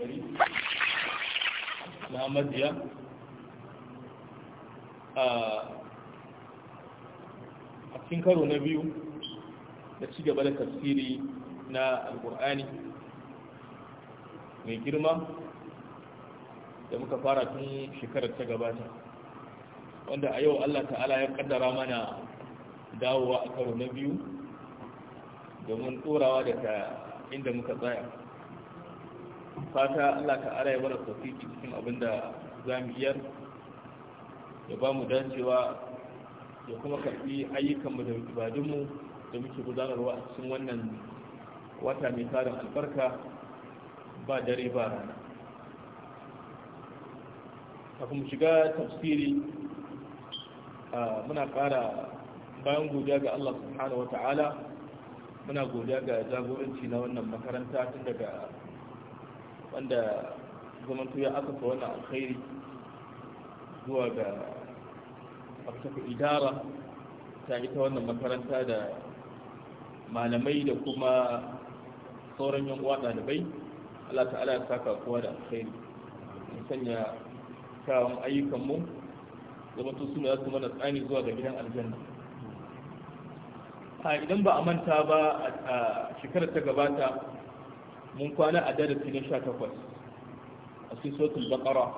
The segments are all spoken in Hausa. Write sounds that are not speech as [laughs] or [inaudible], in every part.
gari na majiya a cikin karo na biyu da ci gaba da tafsiri na alkur'ani mai girma da muka fara tun shekarar ta gabata wanda a yau allah ta'ala ya kaddara mana dawowa a karo na biyu domin tsorawa daga inda muka tsaya fata Allah ara ya bar tafiki cikin abinda zamu iyar ya ba mu dacewa ya kuma karbi ayyukan mu da ibadun mu da muke gudanarwa a cikin wannan wata mai tarin albarka ba dare ba rana kafin mu shiga tafsiri muna ƙara bayan godiya ga Allah subhanahu wa ta'ala muna godiya ga jagoranci na wannan makaranta tun daga wanda zamanto ya akasa wannan alkhairi zuwa ga aftaka idara ta ita wannan makaranta da malamai da kuma sauran yan uwa ɗalibai Allah ta'ala ya saka kowa da alkhairi ya sanya kawon ayyukanmu zamanto suna za su mana tsani zuwa ga gidan aljanna a idan ba a manta ba a shekarar ta gabata mun kwana a darasi na sha takwas a cikin sotul bakara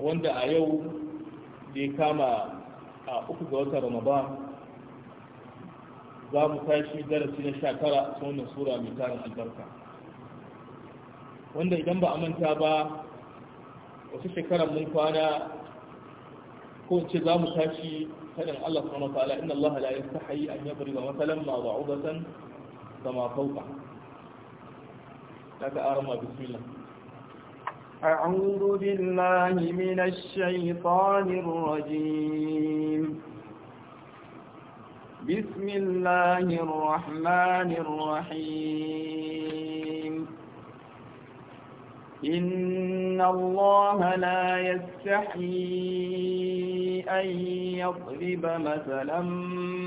wanda a yau da ya kama a uku ga watan ramadan za mu tashi darasi na sha tara ta wannan sura mai tarin albarka wanda idan ba a manta ba wasu shekarar mun kwana ko ce za mu tashi فإن الله سبحانه وتعالى إن الله لا يستحي كما فوقه لك أرمى بسم الله أعوذ بالله من الشيطان الرجيم بسم الله الرحمن الرحيم إن الله لا يستحي أن يضرب مثلا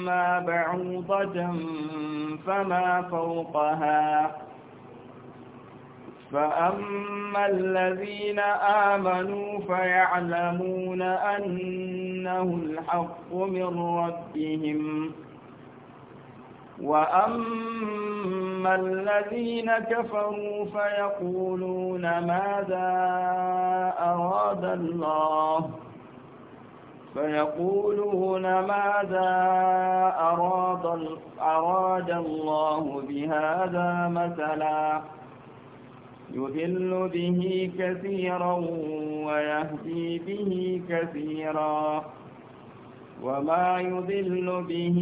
ما بعوضة فما فوقها فأما الذين آمنوا فيعلمون أنه الحق من ربهم وأما أما الذين كفروا فيقولون ماذا أراد الله فيقولون ماذا أراد, أراد الله بهذا مثلا يذل به كثيرا ويهدي به كثيرا وما يضل به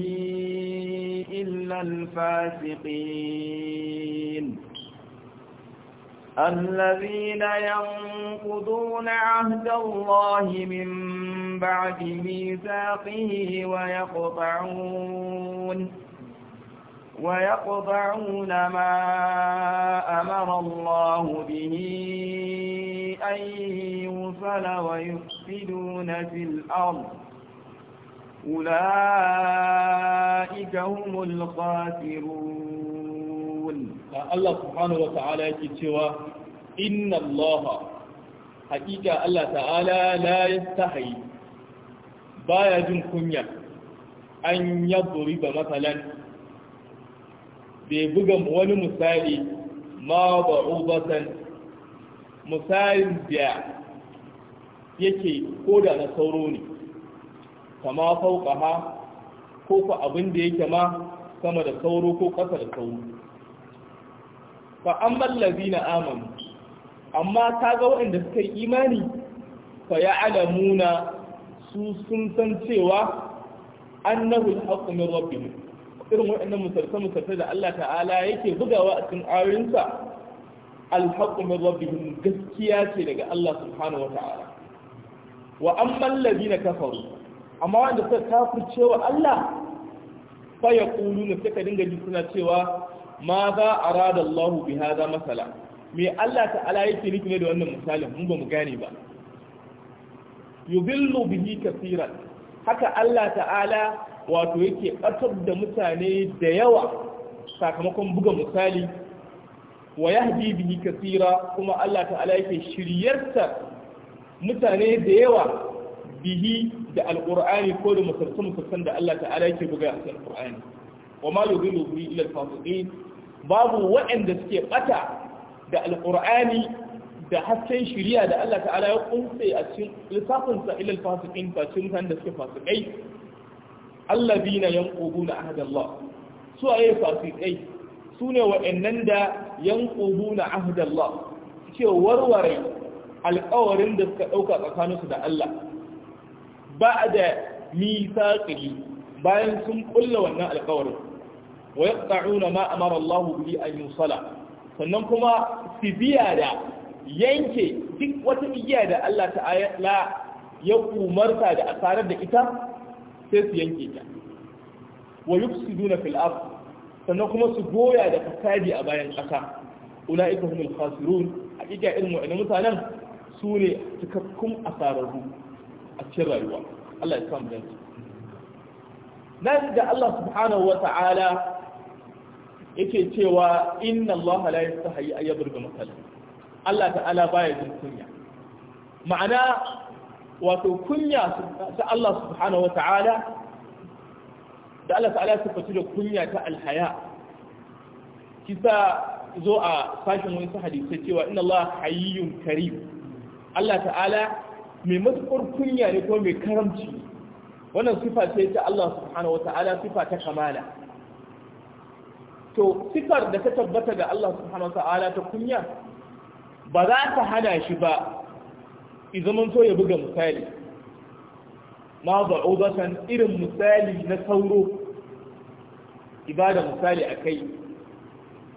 إلا الفاسقين الذين ينقضون عهد الله من بعد ميثاقه ويقطعون ويقطعون ما أمر الله به أن يوصل ويفسدون في الأرض Ula’ika humul khasirun. Allah Subhanahu wa ta’ala yake cewa, Inna Allah, haƙiƙa Allah ta’ala la ya sahayi, ba ya jin kunya, an yadduri ba matsalan, bai buga wani misali ma ba misalin da yake ko da na sauro ne. kama fauqaha ko ku abin da yake ma sama da sauro ko ƙasa da sauro fa amman lazina amanu amma ta ga waɗanda suka yi imani fa ya'lamuna su sun san cewa annahu al-haqqu min rabbihim irin waɗannan musalsa-musalsa da Allah ta'ala yake bugawa a cikin ayoyinsa alhaƙu min rabbihim gaskiya ce daga Allah subhanahu wata'ala wa amman ladina kafaru amma wanda suka kafirce wa Allah faya ya kulu ne suka dinga ji suna cewa ma za a rada Allah bi haza masala me Allah ta'ala yake nufi ne da wannan misalin mun ba mu gane ba yubillu bihi kaseeran haka Allah ta'ala wato yake batar da mutane da yawa sakamakon buga misali wa yahdi bihi kaseera kuma Allah ta'ala yake shiryarta mutane da yawa bihi da Alƙur'ani ko da musalsan musalsan da Allah ta'ala yake buga a cikin alqur'ani wa ma yudillu bi illa al-fasiqin babu waɗanda suke bata da Alƙur'ani da hasken shiriya da Allah ta'ala ya kunse a cikin lissafin sa ila al-fasiqin ba cikin kan da suke fasikai alladina yanquduna ahdallah su ayi fasikai sune waɗannan da yanquduna ahdallah suke warware alƙawarin da suka ɗauka tsakaninsu da Allah nisa mithaqihi bayan sun kulla wannan alkawarin wa yaqta'una ma amara Allah bi an yusala sannan kuma sibiya da yanke duk wata igiya da Allah ta'ala ya umarta da asarar da ita sai su yanke ta wa su duna filaf sannan kuma su goya da fasadi a bayan ƙasa ula'ika humul khasirun a ƙiƙa irin wa'annan mutanen su ne cikakkun asararru a cikin rayuwa Allah ya samu dace na da Allah subhanahu wa ta'ala yake cewa inna Allah la yastahi ay yadrib masalan Allah ta'ala baya jin kunya ma'ana wato kunya ta Allah subhanahu wa ta'ala da Allah ta'ala sifatu da kunya ta alhaya kisa zo a sashen wani hadisi cewa inna Allah hayyun karim Allah ta'ala mai matuƙar kunya ne ko mai karamci wannan sifa ce ta Allah subhanahu wata'ala sifa ta kamala to sifar da ta tabbata ga Allah subhanahu wata'ala ta kunya ba za ta hana shi ba izaman so ya buga misali ma ba'udatan irin misali na sauro ibada misali a kai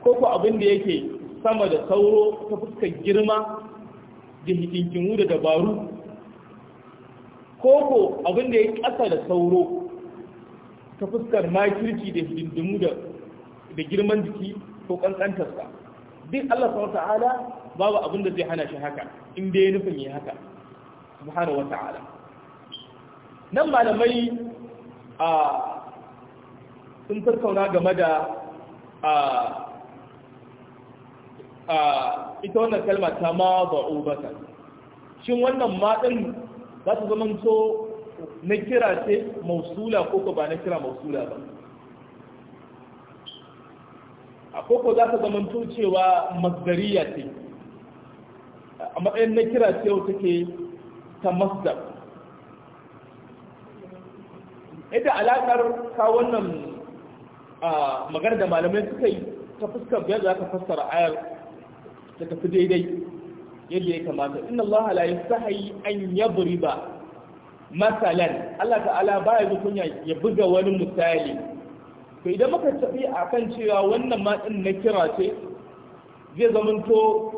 ko ku abin da yake sama da sauro ta fuskar girma da hikinkinu da dabaru koko abin da ya ƙasa da sauro ta fuskar makirci da hidindimu da girman jiki ko kankantarsa duk Allah sau ta'ala babu abin da zai hana shi haka in ya nufin yi haka buhari wa ta'ala nan malamai a sun tattauna game da a ita wannan kalma ta ma ba'ubatan shin wannan matsin za su zama to na kira ce mausula ko ba na kira mausula ba a koko za ta zama to cewa masdariya ce a matsayin na kira ce wata ke ta masdar ita alaƙar ka wannan magana da malamai suka yi ta fuskar biyar za ka fassara ayar ta tafi daidai yadda ya kamata inna Allah la yastahi an yadriba masalan Allah ta'ala baya ji kunya ya buga wani misali to idan muka tafi akan cewa wannan ma din na kira ce zai zamanto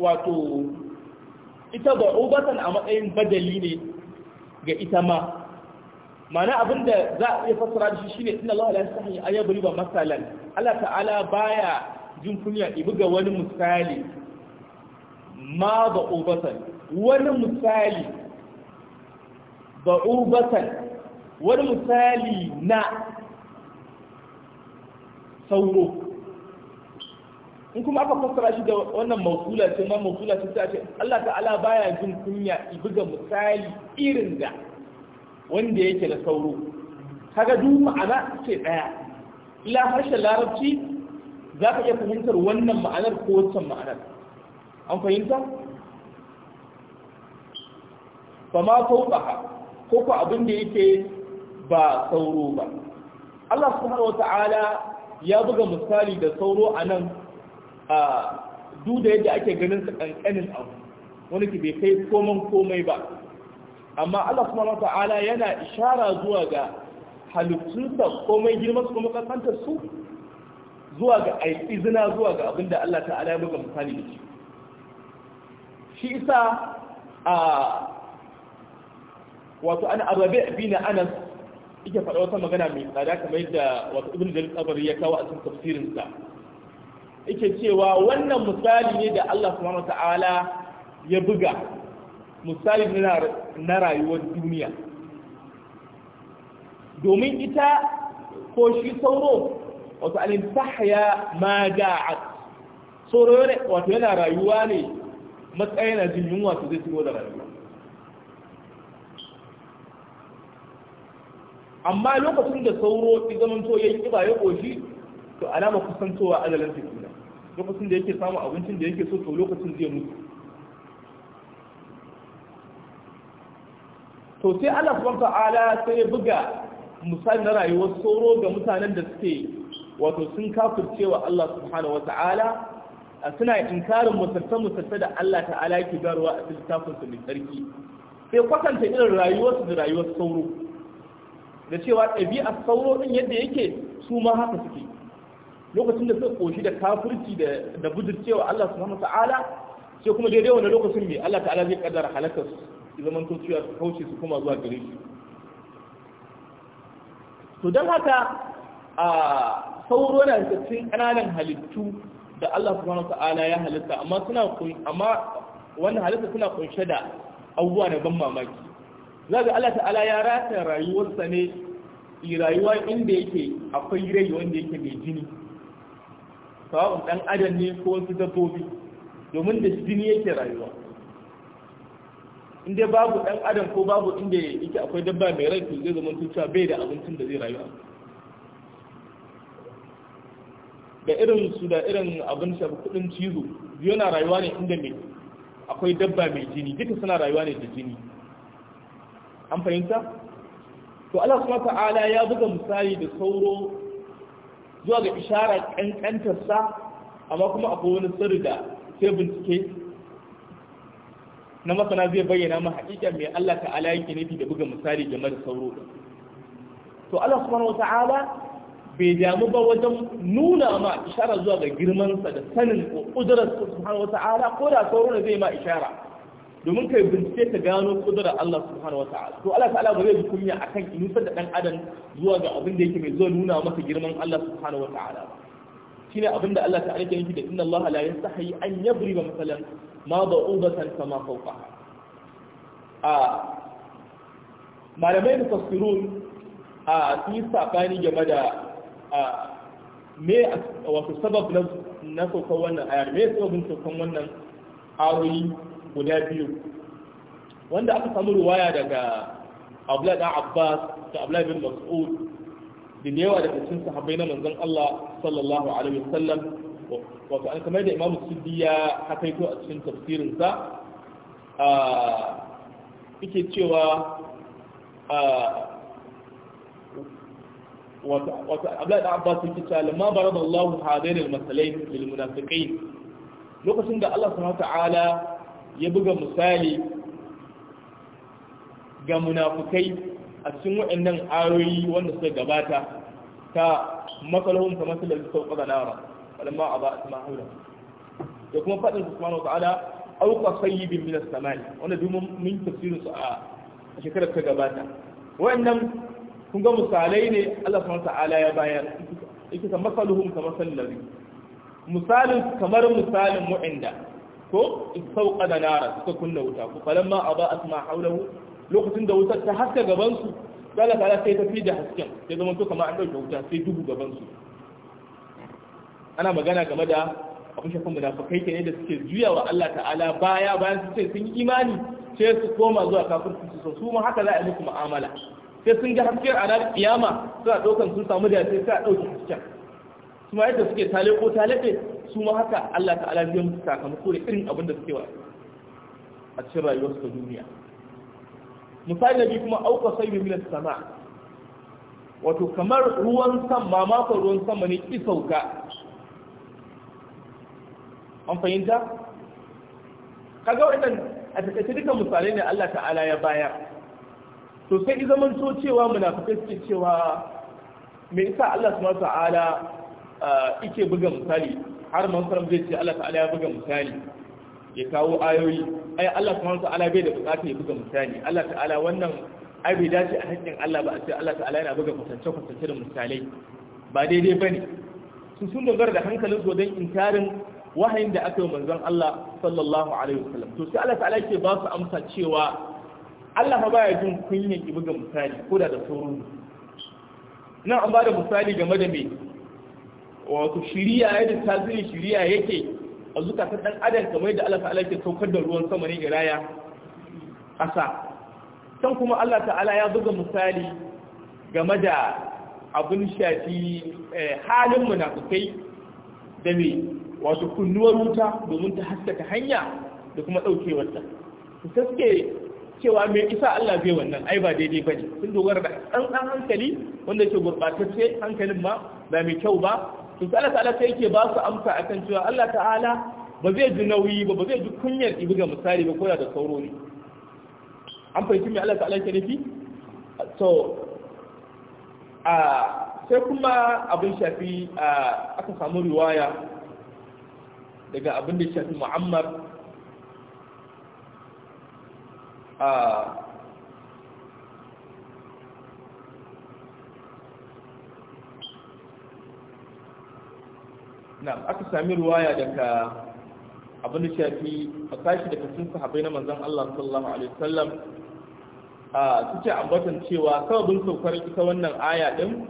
wato ita ba ubatan a matsayin badali ne ga ita ma abin da za a iya fassara shi shine inna Allah la yastahi an yadriba masalan Allah ta'ala baya jin kunya ya buga wani misali ma da ubatan wani misali ubatan wani misali na sauro in kuma aka fassara shi da wannan mausula ce ma mausula ce ta ce Allah ta'ala baya jin kunya buga misali irin da wanda yake da sauro kaga duk ma'ana ce daya ila harshen larabci za ka iya fahimtar wannan ma'anar ko wancan ma'anar an fahimta ba ma fauka ko ku abin da yake ba sauro ba Allah subhanahu wata'ala ya buga misali da sauro a nan a duk yadda ake ganin sa kankanin abu wani ki bai kai komai komai ba amma Allah subhanahu wata'ala yana ishara zuwa ga halittunsa komai girman su kuma kankantar su zuwa ga izina zuwa ga abin da Allah ta'ala ya buga misali da shi shi isa a wato ana arabe bin anas ike faɗa wata magana mai tsada kamar yadda wato ibn jarir tsabari ya kawo a cikin tafsirinsa Ike cewa wannan misali ne da Allah subhanahu ta'ala ya buga misali ne na rayuwar duniya domin ita ko shi sauro wato alin tahya ma da'at sauro wato yana rayuwa ne matsaya na jin yunwa su zai cigaba da rayuwa amma lokacin da sauro ya zama to ya yi ƙiba ya ƙoshi to alama kusantowa ajalin tekuna lokacin da yake samun abincin da yake so to lokacin zai mutu to sai Allah subhanahu ta'ala sai ya buga misali na rayuwar sauro ga mutanen da suke wato sun kafircewa Allah subhanahu ta'ala. suna inkarin musulta-musulta da Allah ta'ala yake garuwa a littafinsu mai tsarki sai kwatanta irin rayuwarsu da rayuwar sauro da cewa a sauro ɗin yadda yake su ma haka suke lokacin da suka koshi da kafirci da budurcewa Allah subhanahu ta'ala sai kuma daidai wani lokacin mai Allah ta'ala zai kaddara halakar su zaman to cewa su kauce su kuma zuwa gare shi to don haka a sauro na cikin ƙananan halittu da Allah subhanahu ta'ala ya halitta amma suna amma wannan halitta suna kunshe da abubuwa da ban mamaki zaka Allah ta'ala ya rata rayuwarsa ne rayuwa inda yake akwai rai wanda yake mai jini sawa'un dan adam ne ko wasu dabbobi domin da jini yake rayuwa inda babu dan adam ko babu inda yake akwai dabba mai rai to zai zama tuta bai da abincin da zai rayu a da irin su da irin abin shafi kudin cizo yana rayuwa ne inda mai akwai dabba mai jini duka suna rayuwa ne da jini an fahimta to Allah subhanahu ta'ala ya buga misali da sauro zuwa ga ishara kankantar sa amma kuma akwai wani sirri da sai bincike na masana zai bayyana ma hakika mai Allah ta'ala yake nufi da buga misali game da sauro to Allah subhanahu ta'ala bai damu ba wajen nuna ma ishara zuwa ga girmansa da sanin ƙudurar subhanahu wa ta'ala ko da sauro zai ma ishara domin kai bincike ta gano ƙudurar Allah subhanahu wa ta'ala to Allah ta'ala ba zai bi kunya akan inusar da ɗan adam zuwa ga abin da yake mai zuwa nuna masa girman Allah subhanahu wa ta'ala ba shine abin da Allah ta'ala ke nufi da inna Allah la yastahi an yadriba masalan ma ba'ubatan kama fawqa a malamai mufassirun a sun yi sabani game da me wato sabab na saukan wannan ayar me sababin saukan wannan aroyi guda biyu wanda aka samu ruwaya daga Abdullahi dan Abbas da Abdullahi bin Mas'ud da yawa daga cikin sahabbai na manzon Allah sallallahu alaihi wasallam wato an kamar da Imam Suddi ya hakaito a cikin tafsirin sa a yake cewa a wato abdullahi da abbas yake cewa lamma barada Allah hadain al-masalain lil munafiqin lokacin da Allah subhanahu ya buga misali ga munafukai a cikin waɗannan ayoyi wanda suka gabata ta masalahum ta masalar sauƙa nara ba a asma haura da kuma faɗin subhanahu ta'ala auka sayyibin min as wanda domin mun tafsirin su a shekarar ta gabata waɗannan kun ga misalai ne Allah subhanahu ta'ala ya bayar yake kamar masaluhum kamar masallari misalin kamar misalin mu'inda ko sauka da nara suka kunna wuta ku falamma aba asma haulahu lokacin da wutar ta haska gaban su Allah ta'ala sai ta fi da hasken ya zama to kamar an dauke wuta sai dubu gaban su ana magana game da abin shafin munafikai ne da suke juya wa Allah ta'ala baya bayan su ce sun yi imani sai su koma zuwa kafirci su so su ma haka za a yi musu mu'amala sai sun ga hasken a ranar kiyama suna ɗaukan sun samu da sai suna ɗauki hasken su ma yadda suke tale ko talefe su ma haka Allah ta'ala zai musu sakamako da irin abin da suke wa a cikin rayuwarsu ta duniya misali na biyu kuma auka sai min sama wato kamar ruwan sama mamakon ruwan sama ne ki sauka an fahimta kaga wannan a takaice duka misalai ne Allah ta'ala ya bayar to sai i zaman to cewa munafikai suke cewa mai yasa Allah subhanahu ta'ala yake buga misali har man zai ce Allah ta'ala ya buga misali ya kawo ayoyi ai Allah subhanahu ta'ala bai da bukatar ya buga misali Allah ta'ala wannan ai bai dace a hakkin Allah ba a ce Allah ta'ala yana buga kwatance kwatance da misalai ba daidai bane su sun dogara da hankalin su don inkarin wahayin da aka yi manzon Allah sallallahu alaihi wasallam to sai Allah ta'ala yake ba su amsa cewa Allah ba baya jin kunyan ki buga misali ko da da sauran nan an bada misali game da me wato shiriya yadda tasirin shiriya yake a ta dan adam kamar yadda Allah ta'ala ke saukar da ruwan sama ne iraya ƙasa san kuma Allah ta'ala ya buga misali game da abun shafi eh, halin munafukai da me wato kunnuwar wuta domin ta haskaka hanya da kuma ɗaukewarta su saske cewa me isa Allah bai wannan ai ba daidai ba ne sun dogara da ɗan hankali wanda ke gurɓatacce hankalin ma ba mai kyau ba to sai Allah ta'ala sai yake ba su amsa akan cewa Allah ta'ala ba zai ji nauyi ba ba zai ji kunyar ibi ga misali ba ko da sauro ne an fahimci mai Allah ta'ala yake nufi so a sai kuma abin shafi aka samu riwaya daga abin da shafi Muhammad na aka sami ruwaya daga abin da shafi a tashi daga sun sahabai na manzan Allah sallallahu alaihi wasallam a suke ambatan cewa sababin saukar ita wannan aya din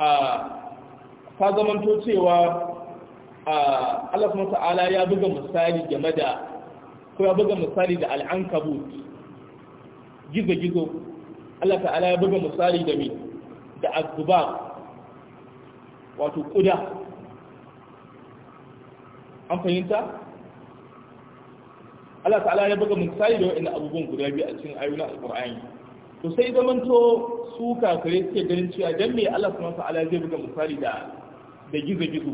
a ta zamanto cewa a Allah ta'ala ya buga misali game da ko ya buga misali da al'ankabut gizo-gizo Allah ta'ala ya buga misali da mi da azuba wato kuda an fahimta Allah ta'ala ya buga misali da wani abubuwan guda biyu a cikin ayyuna alƙur'ani to sai to su kakare suke ganin cewa dan me Allah subhanahu ta'ala zai buga misali da da gizo-gizo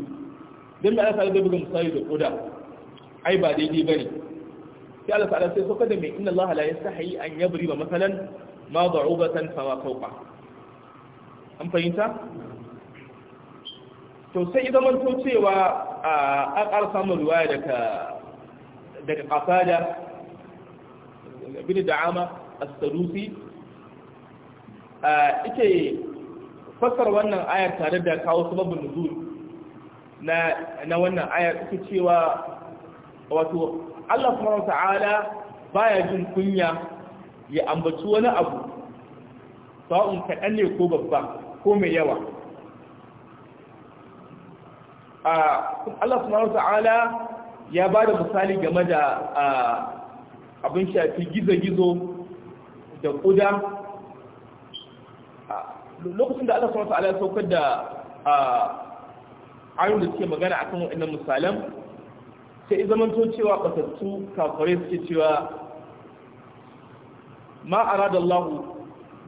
dan me Allah ta'ala zai buga misali da kuda ai ba daidai bane sai Allah ta'ala sai soka da mai inna Allah la yastahi an yabri ba masalan ma da'ubatan fa ma fawqa an fahimta to sai idan man to cewa a samun riwaya daga daga qasada bin da'ama as-sadusi ike fassar wannan ayar tare da kawo sababin nuzul na na wannan ayar ita cewa wato Allah subhanahu ta'ala baya jin kunya ya ambaci wani abu sa'un kaɗan ne ko babba ko mai yawa Allah subhanahu ta'ala ya ba da misali game da abin shafi gizo-gizo da ƙuda lokacin da Allah subhanahu ta'ala ya saukar da ayon da suke magana akan waɗannan misalan sai zamanto cewa batattu kafare suke cewa ma arada Allah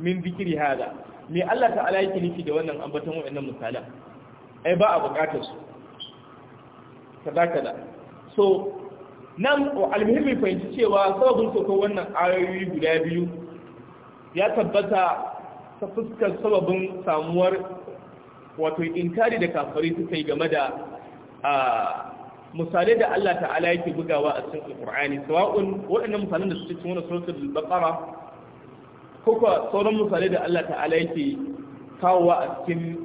min zikiri hada me Allah ta'ala yake nufi da wannan ambaton wayannan misalan ai ba a bukatar su ka da. so nan almuhimmi fahimci cewa sababin soko wannan ayoyi guda biyu ya tabbata ta fuskar sababin samuwar wato inkari da kafari suka yi game da ah, misalai da Allah ta'ala yake bugawa a cikin alqur'ani sawa'un waɗannan misalan da suke cikin wannan suratul baqara ko ko sauran misalai da Allah ta'ala yake kawowa a cikin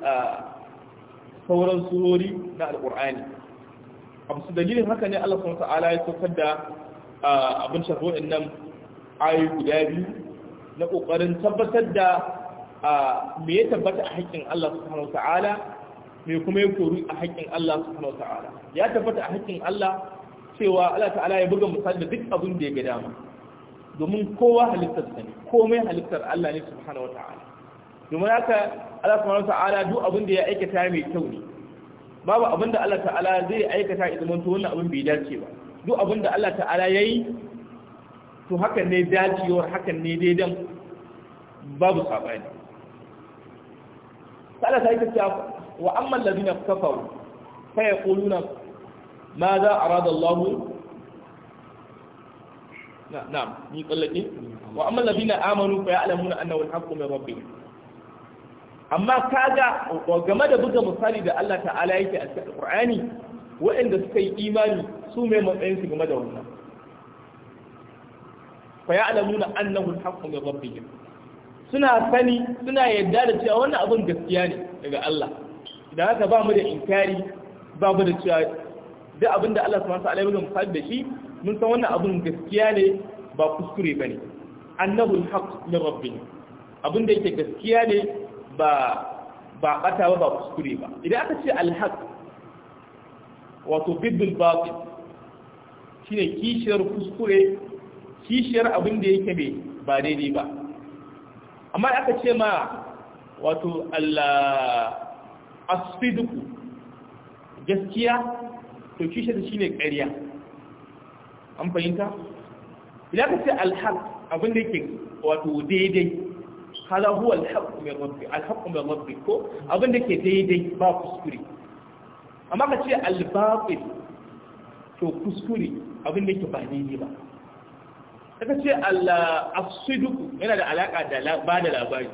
sauran surori na alqur'ani a musu dalilin haka ne Allah subhanahu ta'ala ya saukar da abin shafi waɗannan ayoyi guda biyu na ƙoƙarin tabbatar da me ya tabbata a haƙƙin Allah subhanahu ta'ala mai kuma ya koru a haƙƙin Allah subhanahu ta'ala ya tabbata a haƙƙin Allah cewa Allah ta'ala ya buga misali da duk abin da ya ga dama domin kowa halittar sa ne komai halittar Allah ne subhanahu ta'ala domin haka Allah subhanahu ta'ala duk abin da ya aikata mai kyau ne babu abin da Allah ta'ala zai aikata a zama to wannan abin bai dace ba duk abin da Allah ta'ala yayi to hakan ne dacewar hakan ne daidan babu sabani Allah ta yi ta wa amma alladhina kafaru fa yaquluna ماذا أراد الله نعم يطلقني وأما الذين آمنوا فيعلمون أنه الحق mai ربهم amma kaga game da buga misali da Allah ta'ala yake a cikin Qur'ani waɗanda suka yi imani su mai matsayinsu game da wannan fa ya'lamuna annahu al-haqqu min rabbihim suna sani suna yadda da cewa wannan abin gaskiya ne daga Allah da haka ba mu da inkari ba mu da cewa duk abin da Allah subhanahu wataala ya buga misali da shi mun san wannan abin gaskiya ne ba kuskure ba bane annahu alhaq min rabbina abin da yake gaskiya ne ba ba kata ba ba kuskure ba idan aka ce alhaq wato bidul shi ne kishiyar kuskure kishiyar abin da yake bai ba daidai ba amma aka ce ma wato Allah asidiku gaskiya to kishe da shine ƙarya an fahimta idan ka ce alhaq abin da yake wato daidai hala huwa alhaq min rabbi alhaq min rabbi ko abin da yake daidai ba kuskure amma ka ce albatil to kuskure abin da yake ba daidai ba ka ce al-asiduku yana da alaka da ba da labari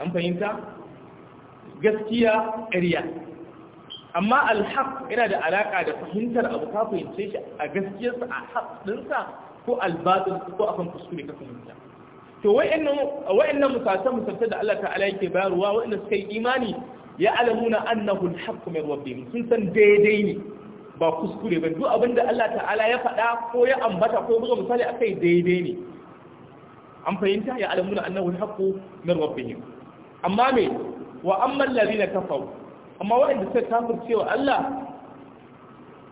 an fahimta gaskiya ƙarya amma alhaq yana da alaƙa da fahimtar abu ka fahimce shi a gaskiyarsa a haq ɗinsa ko albatin ko akan kuskure ka fahimta to wa'annan musata musata da Allah ta'ala yake bayarwa wa'anda suka yi imani ya alamuna annahu alhaq min rabbihim sun san daidai ne ba kuskure ba duk abinda Allah ta'ala ya faɗa ko ya ambata ko buga misali akai daidai ne an fahimta ya alamuna annahu alhaq min rabbihim amma me wa amman ladina kafaru amma waɗanda suka kafirce cewa Allah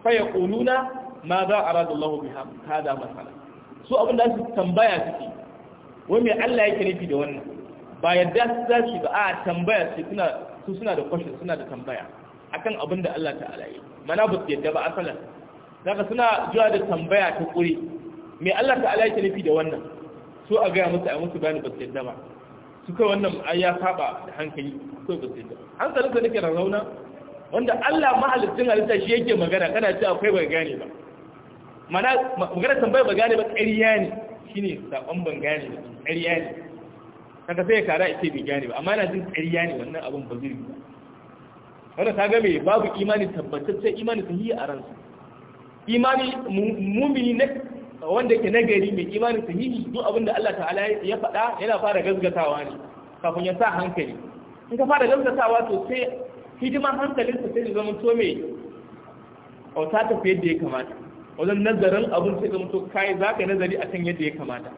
fa yaquluna ma za a arada Allah bi hada masala su abin da su tambaya suke wai mai Allah yake nufi da wannan ba yadda za su ba a tambaya su suna su suna da question suna da tambaya akan abin da Allah ta'ala yi mana ba su yadda ba asalan daga suna zuwa da tambaya ta ƙuri. me Allah ta'ala yake nufi da wannan Su a gaya musu a musu bani ba su yadda ba su kai wannan ai ya saba da hankali so ba sai hankalin sa nake rauna wanda Allah mahalicin halitta shi yake magana kana ce akwai bai gane ba mana magana tambaya ba gane ba ƙarya ne shine sakon ban gane ba ƙarya ne kaga sai ya kara ita bai gane ba amma yana jin ƙarya ne wannan abun ba zai ba wanda ga me babu imani tabbataccen imani sahihi a ransu, imani mumini na wanda ke nagari mai imani sahihi duk abin da Allah ta'ala ya faɗa yana fara gazgatawa ne kafin ya sa hankali in ka fara gazgatawa to sai hankalin sa sai zama to mai ta tafi yadda ya kamata wajen nazarin abin sai zama to kai za ka nazari a kan yadda ya kamata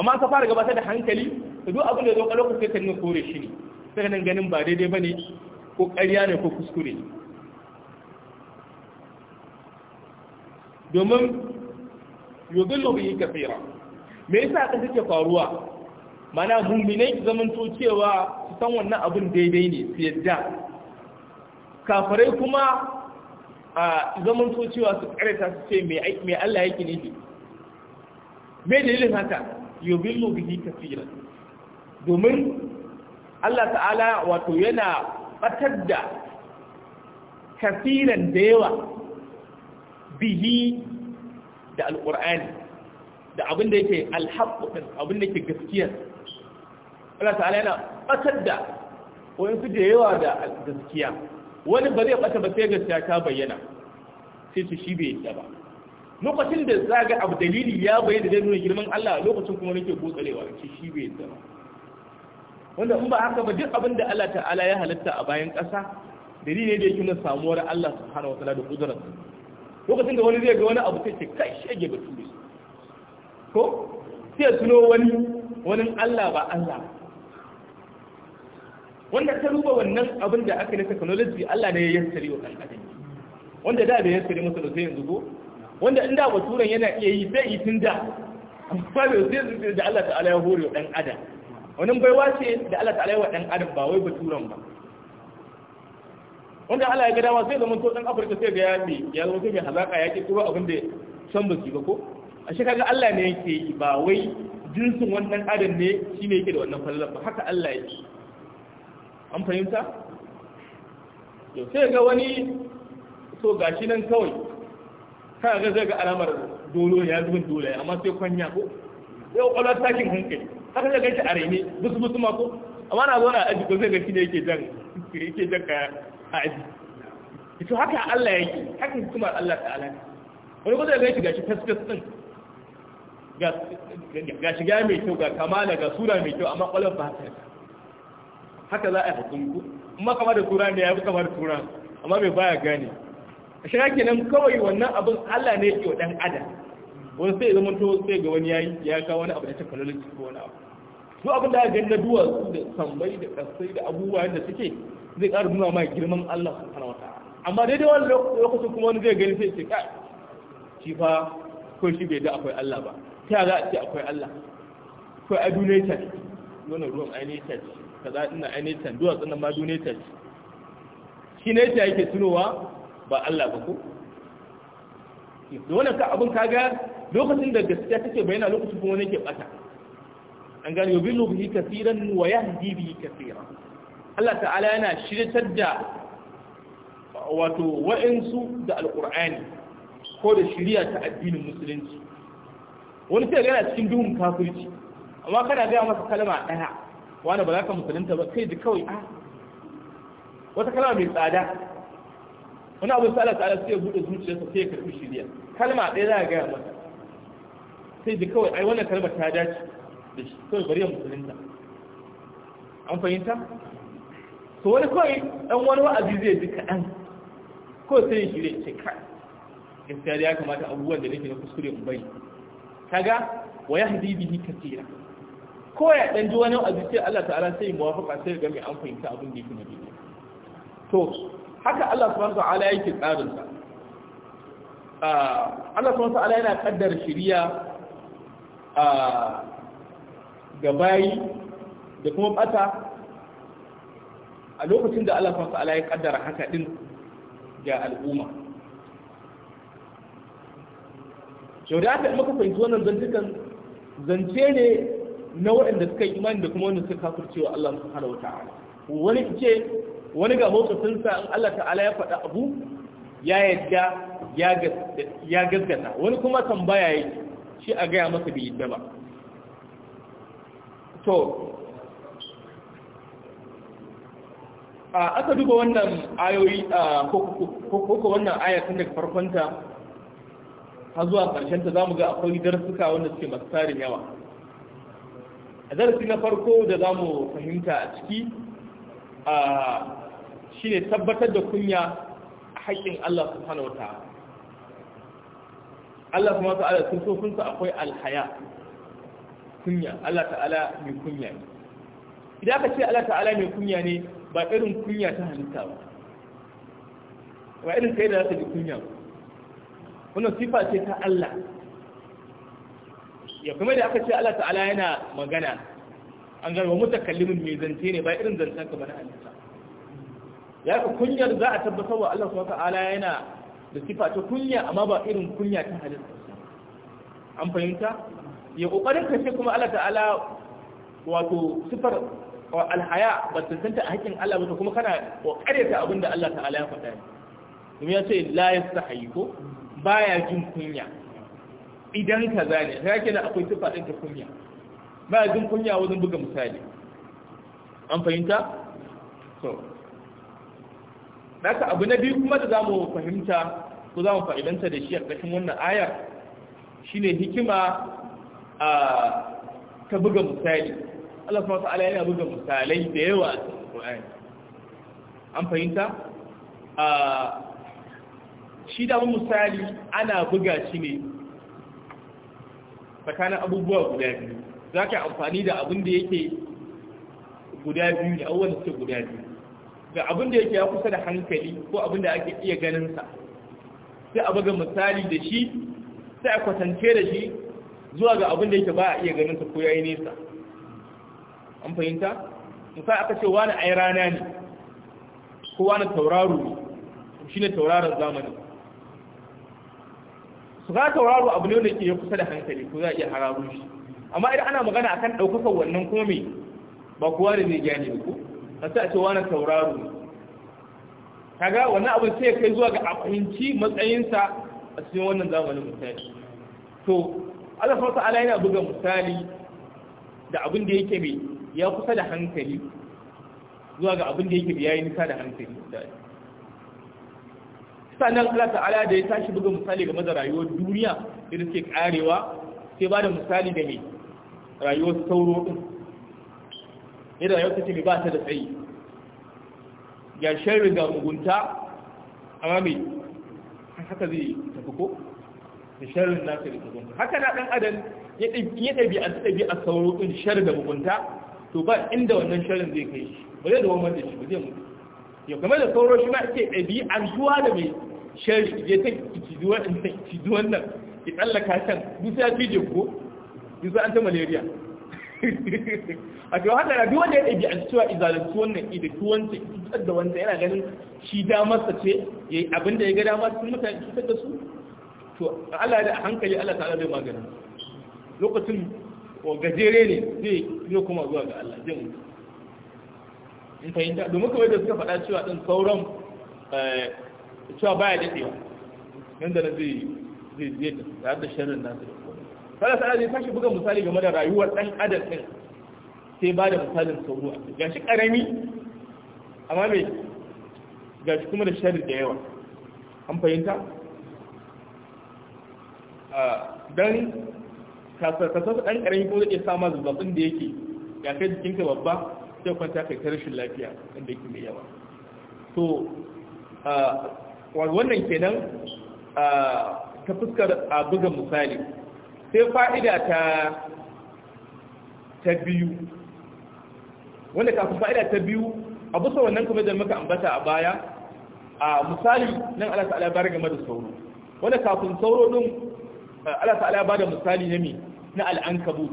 amma ka fara gabatar da hankali to duk abin da zo ka lokaci ka nuna kore shi ne sai nan ganin ba daidai ba ne ko ƙarya ne ko kuskure domin yudhillu bihi kaseera me yasa ka take faruwa mana mu'minai to cewa su san wannan abin daidai ne su yadda kafirai kuma a to cewa su karanta su ce me Allah yake ne me dalilin haka yudhillu bihi kaseera domin Allah ta'ala wato yana batar da kafiran da yawa bihi da alƙur'ani da abin da yake alhaƙuɗin abin da yake gaskiyar Allah ta'ala yana ɓatar da wayansu da yawa da gaskiya wani ba zai ɓata ba sai gaskiya ta bayyana sai su shi bai yadda ba lokacin da za ga abu dalili ya bayyana da nuna girman Allah lokacin kuma nake gotsarewa ce shi bai yadda ba wanda in ba haka ba duk abin da Allah ta'ala ya halitta a bayan ƙasa dalili ne da yake nuna samuwar Allah subhanahu wa ta'ala da kudurar lokacin da wani zai ga wani abu sai ce kai shege ba turi ko sai tuno wani wani Allah ba Allah wanda ta ruba wannan abin da aka yi technology Allah ne ya yassari wa kan adam wanda da bai yassari masa sai yanzu go wanda in da baturan yana iya yi sai yi tun da amma ba sai da Allah ta'ala ya hore wa dan adam wannan baiwa ce da Allah ta'ala ya wa dan adam ba wai baturan ba wanda Allah ya ga dama sai zaman to dan Afirka sai ga ya ya zama sai mai hazaka ya ko ba abin da san ba ba ko a shi kaga Allah ne yake yi ba wai jinsin wannan adam ne shine yake da wannan fallan ba haka Allah yake an fahimta to sai ga wani to gashi nan kawai ka ga zai ga alamar dolo ya zuba dole amma sai kwanya ko sai kwalar takin hankali haka zai gaishe a raine busu busu ma ko amma na zo na aji ko zai ga shi ne yake jan yake jan kaya a'azi to haka Allah yake haka hukumar Allah ta ta'ala wani kuma zai ga shi fasfas ɗin? ga shiga mai kyau ga kamala ga sura mai kyau amma kwallon ba haka haka za a yi ku? amma kama da tura ne ya fi kama da tura amma bai baya gane a shiga kenan kawai wannan abin Allah ne yake wa dan adam wani sai zama to sai ga wani yayi ya kawo wani abu da technology ko wani abu duk abin da aka gani na duwatsu da sambai da kasai da abubuwa da suke zai ƙara nuna ma girman Allah subhanahu wa ta'ala amma daidai wani lokacin kuma wani zai gani sai ce kai shi fa ko shi bai da akwai Allah ba ta za a ce akwai Allah ko a duniya ta ce wannan ruwan ainihin ta ce a ina ainihin ta duwa tsanan ma duniya ta ce shi ne ta yake tunowa ba Allah ba ko da wannan ka abin kaga lokacin da gaskiya take bayyana lokacin kuma wani ke bata an gane yubillu bihi kaseeran wa yahdi bihi kaseeran Allah ta'ala yana shiryatar da wato wa'insu da alƙur'ani ko da shirya ta addinin musulunci wani sai yana cikin duhun kafirci amma kana gaya masa kalma ɗaya wani ba za ka musulunta ba kai da kawai a ah, wata kalma mai tsada wani abu sa'ala ta'ala sai ya buɗe zuciyarsa sai ya karɓi shirya kalma ɗaya za a gaya masa sai da kawai ai wannan kalma ta dace da shi kawai bari ya musulunta an fahimta to wani kawai ɗan wani wa'azi zai ji kaɗan ko sai ya shirya ce ka gaskiya da ya kamata abubuwan da nake na kuskure in bai kaga wa yahdi bihi kafira ko ya ɗan ji wani wa'azi ce Allah ta'ala sai yi mawafaka sai ga mai an fahimta abin da yake biyu to haka Allah subhanahu wanzu ta'ala yake tsarin sa ah, Allah subhanahu wanzu ta'ala yana kaddara shari'a ah, ga bayi da kuma bata a lokacin da Allah ta'ala ya kaddara haka din ga al'umma sau da aka maka fahimci wannan zantukan zance ne na waɗanda suka yi imani da kuma wanda suka kafirce cewa Allah subhanahu wa ta'ala wani ce wani ga sa in Allah ta'ala ya faɗa abu ya yadda ya gaskata wani kuma tambaya yake shi a gaya masa bai yadda ba to aka duba wannan ayoyi ko koko wannan ayatun daga farkonta har zuwa ta. za mu ga akwai darsuka wanda suke masu tarin yawa a darasi na farko da za mu fahimta a ciki shi ne tabbatar da kunya a haƙƙin Allah su hana wata Allah kuma ta'ala sun so sun sa akwai alhaya kunya Allah ta'ala mai kunya ne idan aka ce Allah ta'ala mai kunya ne ba irin kunya ta halitta ba ba irin kai da za ta ji kunya ba wannan sifa ce ta Allah ya kuma da aka ce Allah ta'ala yana magana an gano mutakallimin mai zance ne ba irin zancen ka ba na halitta ya ka kunyar za a tabbatar wa Allah subhanahu ta'ala yana da sifa ta kunya amma ba irin kunya ta halitta an fahimta ya kokarin kace kuma Allah ta'ala wato sifar alhaya ba ta santa a haƙƙin Allah ba kuma kana ƙaryata abin da Allah ta ala ya faɗa ne. Kuma ya ce la hayi ko ya jin kunya idan ka zane. ne yake da akwai tufa ɗin ta kunya ya jin kunya wajen buga misali an fahimta so Daka abu na biyu kuma da mu fahimta ko zamu fa'idanta da shi a ƙarshen wannan ayar shine hikima a ta buga misali Allah kuma wataala yana buga misalai da yawa a cikin Qur'ani an fahimta a shi da misali ana buga shi ne tsakanin abubuwa guda biyu za ka amfani da abin da yake guda biyu da awon ce guda biyu ga abin da yake ya kusa da hankali ko abin da ake iya ganinsa sai a buga misali da shi sai a kwatance da shi zuwa ga abin da yake ba a iya ganinsa ko ya yi nesa an fahimta musa aka ce wani ai rana ne ko wani tauraro ne shi ne tauraron zamani su ga tauraro abu ne wanda ke kusa da hankali ko za a iya hararun shi amma idan ana magana akan ɗaukakar wannan kuma mai ba kowa da zai gane ba ko a sa ce wani tauraro ne kaga wannan abu sai kai zuwa ga abinci matsayinsa a cikin wannan zamanin misali to Allah subhanahu wa yana buga misali da abin da yake mai ya kusa da hankali zuwa ga abin da yake da yayi nisa da hankali sannan Allah ta'ala da ya tashi buga misali game da rayuwar duniya da take karewa sai ba da misali da mai rayuwar sauro din yadda rayuwar take ba ta da tsayi ya sharri ga mugunta amma mai haka zai tafi ko da sharrin nasa da mugunta haka na dan adam ya ɗabi a ɗabi a sauro din sharri da mugunta to ba inda wannan sharin zai kai shi ba zai dawo da shi ba zai mutu ya kamar da sauro shi ma ake a zuwa da mai shari ya ta ciji wannan ya tsallaka can duk ya fi jiko duk an ta malaria [laughs] a cewa wata na duwanda ya a cewa izalantu wannan ida tuwanta cutar da wanda yana ganin shi damarsa ce ya yi abin da ya ga damar sun mutane cutar da su to Allah da hankali Allah ta'ala zai maganin lokacin gajere ne zai zai kuma zuwa ga Allah zai mutu in fahimta domin kuma da suka faɗa cewa ɗin sauran eh, cewa baya da nan da na zai zai zai da da sharrin nasu da kuma fara sa'a zai tashi buga misali game da rayuwar ɗan adam ɗin sai ba da misalin sauro a shi ƙarami amma mai ga shi kuma da sharri da yawa an fahimta ah, don kasar kasar ɗan ƙarami ko zai iya sama zubabbin da yake ya kai jikinka babba sai kwanta kai ta rashin lafiya wanda yake mai yawa to wannan kenan ta fuskar a buga misali sai fa'ida ta ta biyu wanda kafin fa'ida ta biyu a bisa wannan kuma da muka ambata a baya a misali nan ala ta'ala bar game da sauro wanda kafin sauro din Allah ta'ala ya bada misali na mi na al'ankabut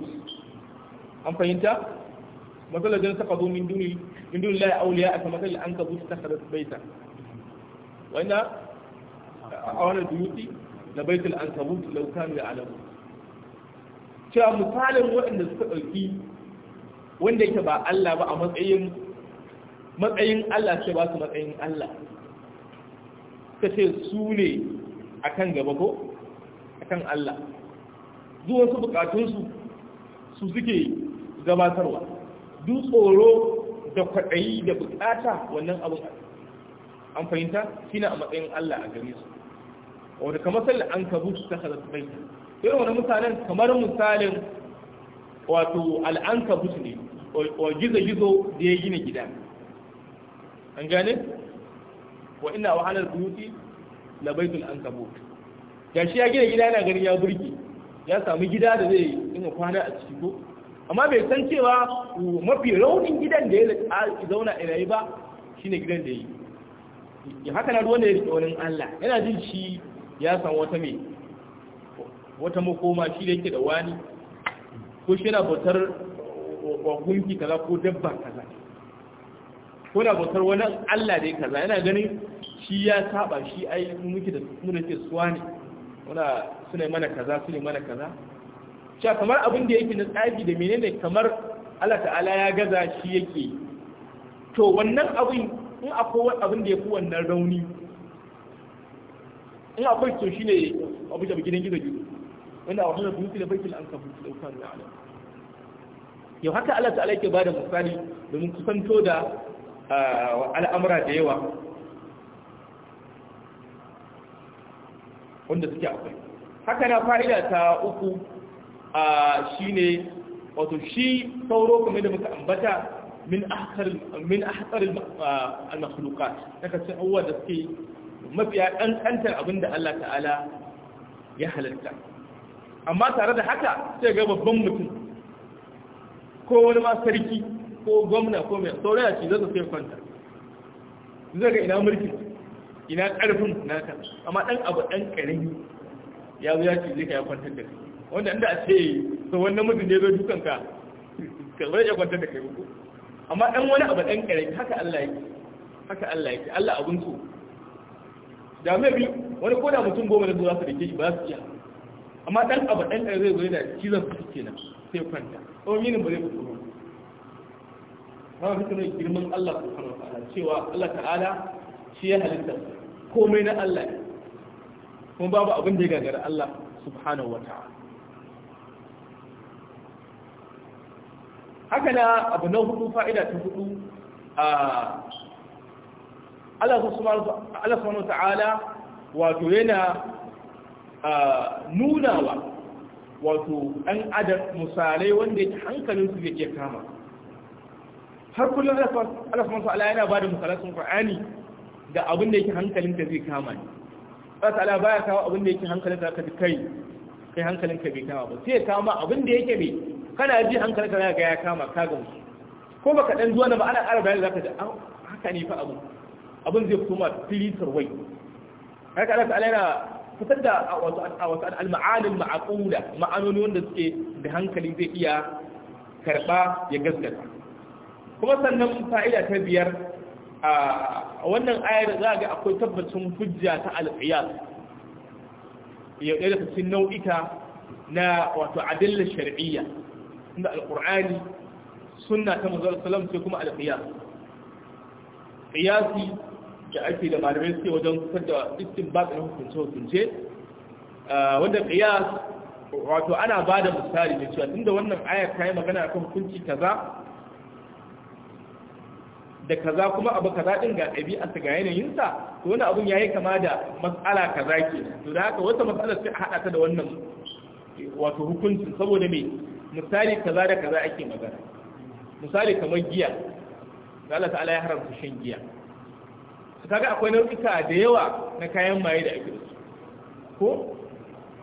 an fahimta matsalar jin saka zo min duni min duni lai auliya a kamar al'ankabut ta kada baita wanda a wani duyuti na baitul ankabut ne a alamu cewa misalin waɗanda suka ɗauki wanda yake ba Allah ba a matsayin matsayin Allah ce ba su matsayin Allah ta ce su ne a kan gaba ko akan Allah duk wasu bukatunsu su suke gabatarwa duk tsoro da kwaɗayi da bukata wannan abu an fahimta shine a matsayin Allah a gare su wanda kamar sallar an kabu su ta su bai sai wani mutanen kamar misalin wato al'anka kabu ne wa gizo-gizo da ya gina gida an gane wa ina wahalar buyuti labaitul an kabu ga shi ya gina gida yana ganin ya burge ya samu gida da zai dinga kwana a ciki ko amma bai san cewa mafi raunin gidan da ya zauna a rayu ba shine gidan da ya yi haka na ruwan da ya riƙe wani Allah yana jin shi ya san wata mai wata makoma shi da yake da wani ko shi yana bautar gunki kaza ko dabba kaza ko na bautar wani Allah da ya kaza yana ganin shi ya saba shi ai muke da mu da ke suwa ne muna suna mana kaza suna mana kaza cewa kamar abin da yake na tsagi da menene kamar Allah ta'ala ya gaza shi yake to wannan abin in akwai abin da ya fi wannan rauni in akwai to ne abu da gidan gizo gizo wanda a wannan buki da baitul an kafu da ukan da ala yau haka Allah ta'ala yake bada misali domin kusanto da ah, al'amura da yawa wanda suke akwai haka na fa'ida ta uku a ne. wato shi sauro kamar da muka ambata min ahsar min al-makhluqat daga cikin abubuwa da suke mafiya kankantar abinda Allah ta'ala ya halarta amma tare da haka sai ga babban mutum ko wani ma sarki ko gwamna ko mai sauraya ce zai sai kwanta zai ga ina mulkin ina karfin naka amma dan abu dan karami ya zo ya ce zai ka ya kwantar da kai wanda inda a ce to wannan mutum ne zo dukan ka karbar ya kwantar da kai ko amma dan wani abu dan karami haka Allah yake haka Allah yake Allah abun so da mai bi wani ko da mutum goma ne zuwa za su dake shi ba su iya amma dan abu dan karami zai zo yana cizon su kenan sai kwanta ko minin ba zai fito ba ba fitar girman Allah subhanahu wa ta'ala cewa Allah ta'ala shi ya halitta komai na Allah ne kuma babu abin da ya gagara Allah subhanahu wata'ala haka na abu na hudu fa'ida ta hudu a Allah subhanahu wata'ala wato yana nunawa wato ɗan adam misalai wanda yake hankalin su yake kama har kullum Allah subhanahu wata'ala yana ba da misalai sun Qur'ani da abin da yake hankalinka zai kama ne Allah ta'ala baya kawo abin da yake hankalinka ka ji kai kai hankalinka bai kama ba sai ya kama abin da yake bai kana ji hankalinka za ga ya kama ka ga musu ko baka dan zuwa na ba ana ƙara za zaka ji haka ne fa abu abin zai koma filitar wai haka Allah ta'ala yana fitar da wasu al-ma'anin ma'aqula ma'anoni wanda suke da hankali zai iya karba ya gaskata kuma sannan fa'ida ta biyar a wannan ayar za ga akwai tabbacin hujja ta alƙiyas ya ɗaya daga cikin nau'ika na wato adillar shari'iyya inda alƙur'ani sunna ta manzon sallam sai kuma alƙiyas qiyasi da ake da malamai suke wajen kusa da istinbat na hukunce hukunce wanda qiyas wato ana ba da misali da cewa tunda wannan ayar ta yi magana akan hukunci kaza da kaza kuma abu kaza din ga ɗabi'arsa ga yanayinsa to wani abun yi kama da matsala kaza ke to da haka wata matsala sai a haɗa ta da wannan wato hukuncin saboda me misali kaza da kaza ake magana misali kamar giya da Allah ta'ala ya haramta shan giya su kaga akwai nau'ika da yawa na kayan maye da ake su ko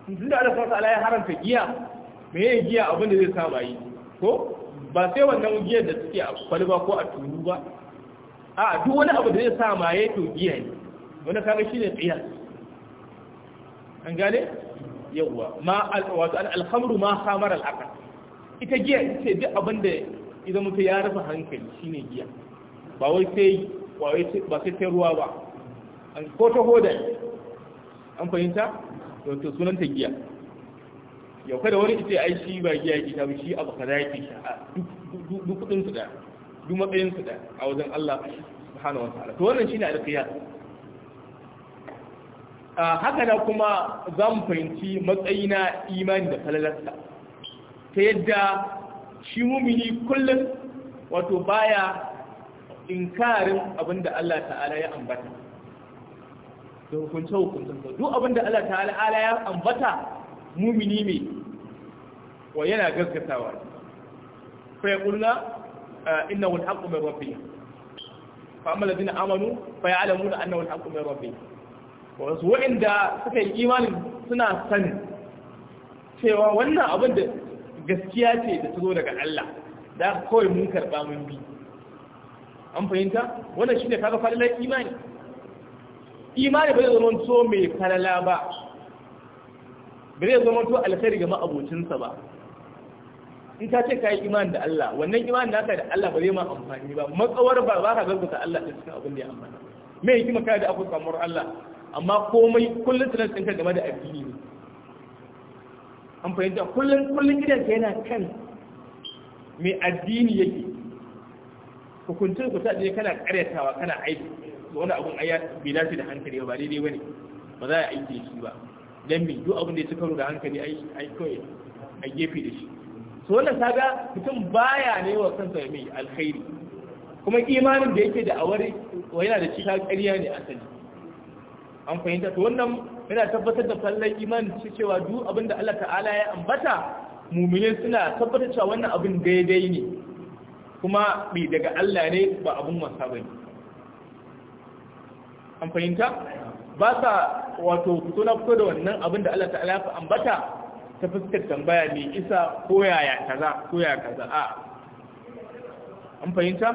tun da Allah ta'ala ya haramta giya me yayin giya abin da zai saba yi ko ba sai wannan giyar da suke a kwalba ko a turu ba a duk wani abu da zai sa maye to giya ne wani kaga shi ne tsiya an gane yawwa ma wato alhamru ma hamar al'aqal ita giya ce duk abin da idan mutum ya rufe hankali shine giya ba wai sai ba wai ba sai sai ruwa ba ko ta hoda an fahimta to sunan ta giya yau kada wani ita ai shi ba giya ki ta shi abu kaza yake sha duk kudin su da duk matsayin su da a wajen Allah subhanahu wa ta'ala to wannan shine alqiyas haka na kuma zan fahimci matsayina imani da falalarsa ta yadda shi mumini kullum wato baya inkarin abinda Allah ta'ala ya ambata da hukunce hukuncin sa duk abinda Allah ta'ala ya ambata mumini ne wa yana gaskatawa fa yaqulna innahu al-haqqu min rabbihim fa amma alladhina amanu fa ya'lamuna annahu al-haqqu min wasu wa'inda suka yi imanin suna sanin cewa wannan abin da gaskiya ce da ta zo daga Allah da kawai mun karɓa mun bi an fahimta wannan shine kaga falalar imani imani bai ba ga ma'abocinsa ba in ka ce ka yi imani da Allah wannan imani aka da Allah ba zai ma amfani ba matsawar ba ba ka gaskata Allah da cikin abin da ya amfana me yake maka da akwai kamar Allah amma komai kullun tunan tsinka game da addini ne an fahimta kullun kullun ka yana kan mai addini yake hukuncin ku ta je kana karyatawa kana aiki wani abun ayya bai dace da hankali ba daidai bane ba za a aiki da shi ba dan me duk abin da ya ci karo da hankali ai ai kawai a gefe da shi to wannan ga mutum baya ne wa kansa mai alkhairi kuma imanin da yake da aure wa yana da cika ƙarya ne asali an fahimta to wannan yana tabbatar da fallan imanin cewa duk abinda Allah ta'ala ya ambata mumine suna tabbatar cewa wannan abin daidai ne kuma bai daga Allah ne ba abun wasa ba ne an fahimta ba sa wato fito na fito da wannan abin da Allah ta'ala ya ambata ta fuskar tambaya mai isa koyaya kaza koya kaza a an fahimta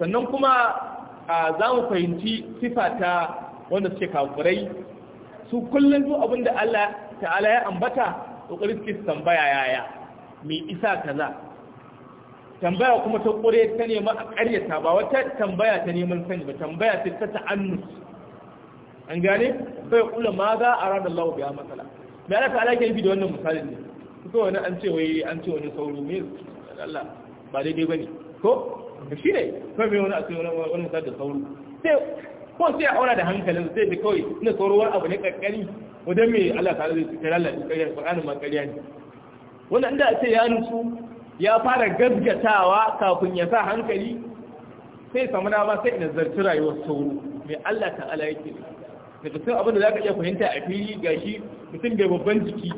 sannan kuma za mu fahimci sifa ta wanda suke kafurai su kullum su da Allah ta'ala ya ambata kokarin suke tambaya yaya mai isa kaza tambaya kuma ta kure ta nema a karyata ba wata tambaya ta neman sani ba tambaya ta ta ta'annus an gane bai kula ma za a ranar lau biya matsala me Allah ala ke yi da wannan misalin ne kuka wani an ce wai an ce wani sauro me Allah ba daidai bane ko shi ne kuma mai wani asiri wani misali da sauro sai ko sai a aura da hankalin sai da kawai na sauro wani abu ne kankani wajen mai Allah ta'ala zai tsira Allah ƙarya Qur'anin ma ƙarya ne wanda inda a ce ya nutsu ya fara gaggatawa kafin ya sa hankali sai samu na ba sai na zarci rayuwar sauro mai Allah ta'ala yake ne daga cikin abin da za ka iya fahimta a fili ga shi mutum bai babban jiki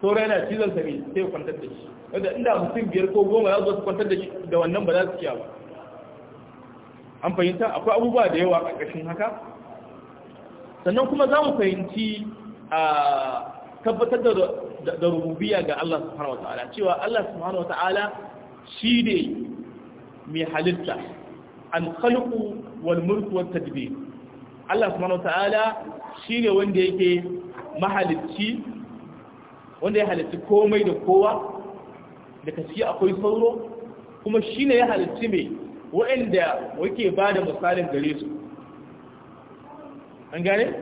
saura yana cizon sa ne sai kwantar da shi wanda inda mutum biyar ko goma za su kwantar da shi da wannan ba za su iya ba an fahimta akwai abubuwa da yawa a ƙarshen haka sannan kuma za mu fahimci a tabbatar da rububiya ga Allah subhanahu wa ta'ala cewa Allah subhanahu wa ta'ala shi ne mai halitta an khalqu wal mulku wat tadbir Allah subhanahu ta'ala ne wanda yake mahalicci wanda ya halicci komai da kowa daga ciki akwai sauro kuma shi ne ya halicci mai waɗanda wake ba da misalin gare su an gane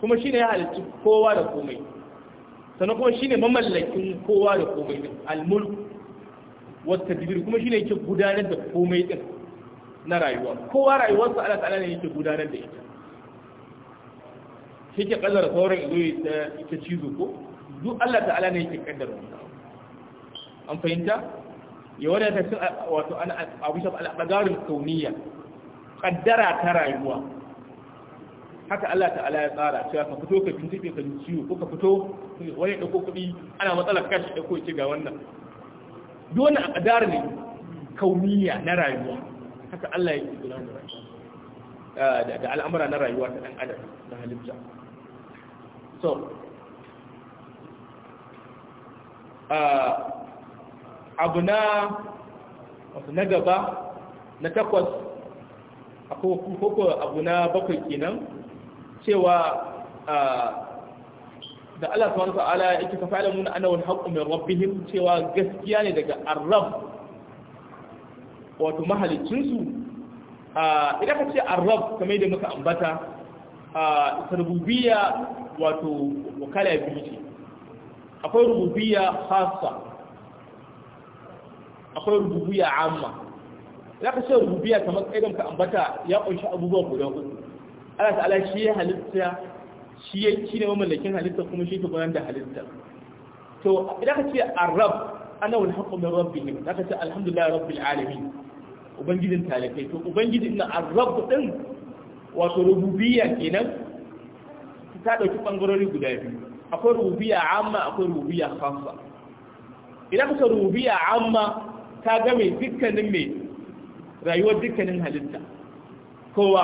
kuma ne ya halicci kowa da komai sannan kuma shi ne mamallakin kowa da komai din almul wata tadbir kuma shi ne yake gudanar da komai din na rayuwa kowa rayuwarsa Allah ta'ala ne yake gudanar da ita yake kaddara sauran ido ta cizo ko duk Allah ta'ala ne yake kaddara an fahimta ya wadata cin wato an abu shafi al'adarin kauniya kaddara ta rayuwa haka Allah ta'ala ya tsara cewa ka fito ka bincike ka ciwo ko ka fito wani ɗauko kuɗi ana matsalar kashi ɗauko ya ce ga wannan duk wani akadar ne kauniya na rayuwa haka Allah ya yi da rayuwa ah, al'amura na rayuwa ta ɗan adam na halitta to uh, abu na wasu na gaba na takwas akwai abu na bakwai kenan cewa uh, da Allah subhanahu ta'ala yake ka fa'ala mun ana wal haqqu min rabbihim cewa gaskiya ne daga arab wato mahalicin su uh, idan ka ce arab kamar yadda muka ambata a sarbubiya wato kala biyu ce akwai rububiya khassa akwai rububiya amma za ka ce rububiyya kamar irin ka ambata ya kunshi abubuwan guda uku Allah ta'ala shi ya halitta shi ya shi ne mamallakin halitta kuma shi ta gudanar da halitta to idan ka ce arab ana wani haƙƙo rabbi ne, za ka ce alhamdulillah rabbil alamin ubangijin talakai to ubangijin na arab din wato rububiya kenan ta ɗauki ɓangarori guda biyu akwai rubiya amma akwai rubiya kansa idan ka rubiya amma ta game dukkanin mai rayuwar dukkanin halitta kowa